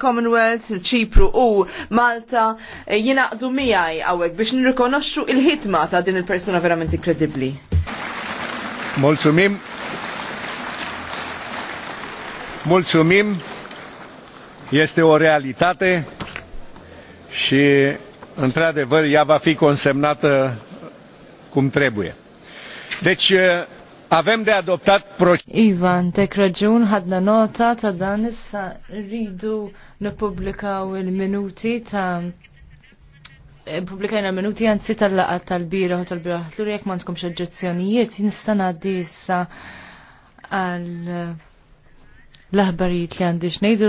Commonwealth, ċipru u Malta eh, jinaqdu miħaj għawek biex nirrikonoxxu il-ħitma ta' din il-persuna verament inkredibli. Mulzumim. Mulzumim. Este o realitate și într-adevăr ea va fi consemnată cum trebuie. Deci eh, Avem de adoptat Ivan, tek raġun ħadna nota ta' dan issa rridu nippubblikaw il-minuti ta' pubblikajna minuti għanzi tal laqa tal-bira u tal-bira ħatlur jek ma tkomx oġġezzjonijiet nista' ngħaddi issa għal l-aħbarijiet li għandix ngħidu